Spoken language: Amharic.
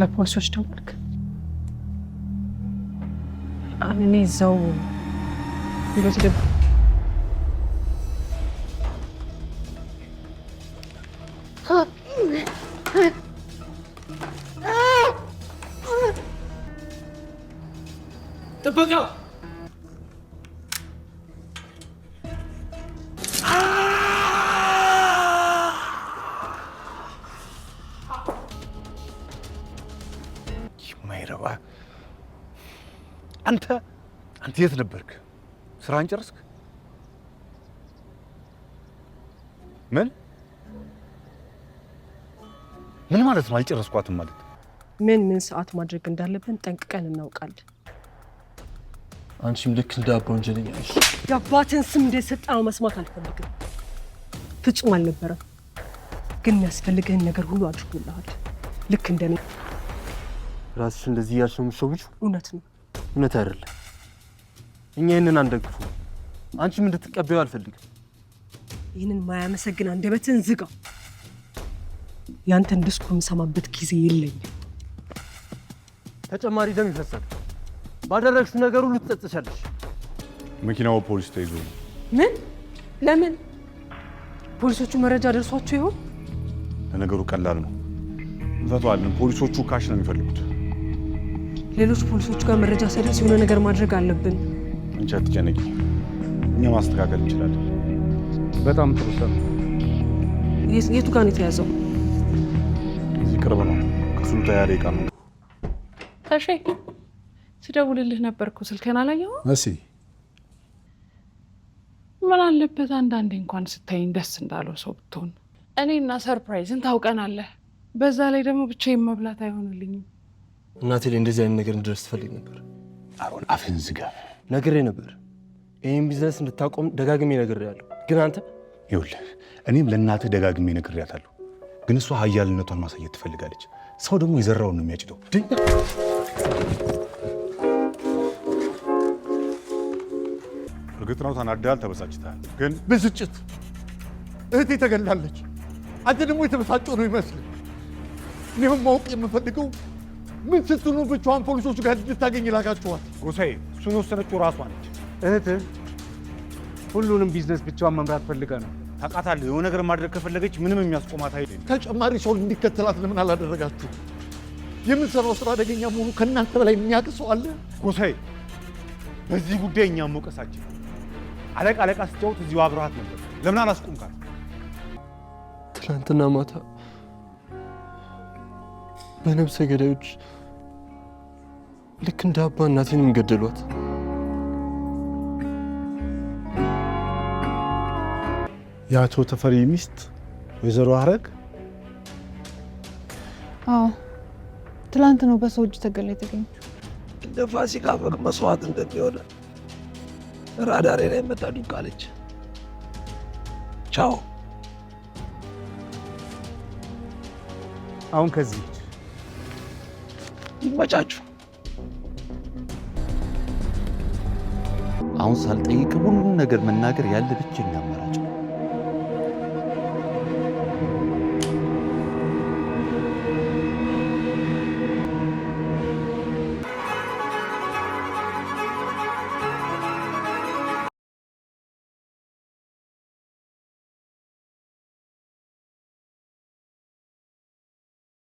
ለፖሊሶች ደወልክ? እኔ እዛው ቢሮት ደብ ጥበቃ ማይረባ አንተ አንተ የት ነበርክ? ስራን ጨርስክ? ምን ምን ማለት ነው? አልጨረስኳትም ማለት ምን ምን ሰዓት ማድረግ እንዳለብን ጠንቅቀን እናውቃለን። አንቺም ልክ እንደ አባ ወንጀለኛ ነሽ። የአባትን ስም እንደሰጠነው መስማት አልፈልግም። ፍጹም አልነበረም፣ ግን የሚያስፈልግህን ነገር ሁሉ አድርጎልሃል ልክ እንደ ራስሽ እንደዚህ እያልሽ ነው የምትሸውጁ? እውነት ነው እውነት አይደለም። እኛ ይህንን አንደግፉ። አንቺም እንድትቀበዩ አልፈልግም። ይህንን ማያመሰግን አንደበትን ዝጋ። ያንተን ድስኩር የምሰማበት ጊዜ የለኝም። ተጨማሪ ደም ይፈሳል። ባደረግሽው ነገር ሁሉ ትጸጽሻለሽ። መኪናው ፖሊስ ተይዞ ምን? ለምን? ፖሊሶቹ መረጃ ደርሷቸው ይሆን? ለነገሩ ቀላል ነው። እንፈቷለን። ፖሊሶቹ ካሽ ነው የሚፈልጉት። ሌሎች ፖሊሶች ጋር መረጃ ሳይደርስ የሆነ ነገር ማድረግ አለብን። አንቺ አትጨነቂ፣ እኛ ማስተካከል እንችላለን። በጣም ጥሩ ሰው። የቱ ጋር ነው የተያዘው? እዚህ ቅርብ ነው፣ ከሱም ተያሪ ቃ ነው። ታሺ ስደውልልህ ነበርኩ፣ ስልክህን አላየኸውም? እሺ፣ ምን አለበት አንዳንዴ እንኳን ስታይኝ ደስ እንዳለው ሰው ብትሆን። እኔና ሰርፕራይዝን ታውቀናለህ። በዛ ላይ ደግሞ ብቻዬን መብላት አይሆንልኝም። እናቴ ላይ እንደዚህ አይነት ነገር እንድደርስ ትፈልግ ነበር። አሮን አፍን ዝጋ። ነግሬ ነበር ይህን ቢዝነስ እንድታቆም ደጋግሜ ነግሬያለሁ። ግን አንተ ይኸውልህ፣ እኔም ለእናትህ ደጋግሜ ነግሬያታለሁ። ግን እሷ ሀያልነቷን ማሳየት ትፈልጋለች። ሰው ደግሞ የዘራውን ነው የሚያጭደው። እርግጥ ነው ተናድሃል፣ ተበሳጭተሃል። ግን ብስጭት እህቴ ተገላለች። አንተ ደግሞ የተበሳጨ ነው ይመስል እኔም ማወቅ የምፈልገው ምን ስትኑ ብቻዋን ፖሊሶቹ ጋር እንድታገኝ ላካችኋት? ጎሳዬ እሱን ወሰነችው ራሷ ነች። እህት ሁሉንም ቢዝነስ ብቻዋን መምራት ፈልገ ነው። ታውቃታለህ። የሆነ ነገር ማድረግ ከፈለገች ምንም የሚያስቆማት አይ ተጨማሪ ሰው እንዲከተላት ለምን አላደረጋችሁ? የምንሰራው ስራ አደገኛ መሆኑ ከእናንተ በላይ የሚያውቅ ሰው አለ? ጎሳዬ በዚህ ጉዳይ እኛ መውቀሳችን አለቃ አለቃ ስጫወት እዚሁ አብረሃት ነበር። ለምን አላስቆምካት? ትናንትና ማታ በነብሰ ገዳዮች ልክ እንደ አባ እናቴንም ገደሏት። የአቶ ተፈሪ ሚስት ወይዘሮ አረግ አዎ፣ ትላንት ነው በሰው እጅ ተገላ የተገኘችው። እንደ ፋሲካ በግ መስዋዕት እንደሚሆነ ራዳሬ ላይ መታ ቃለች። ቻው። አሁን ከዚህ ይመጫችሁ። አሁን ሳልጠይቅ ሁሉን ነገር መናገር ያለ ብቸኛ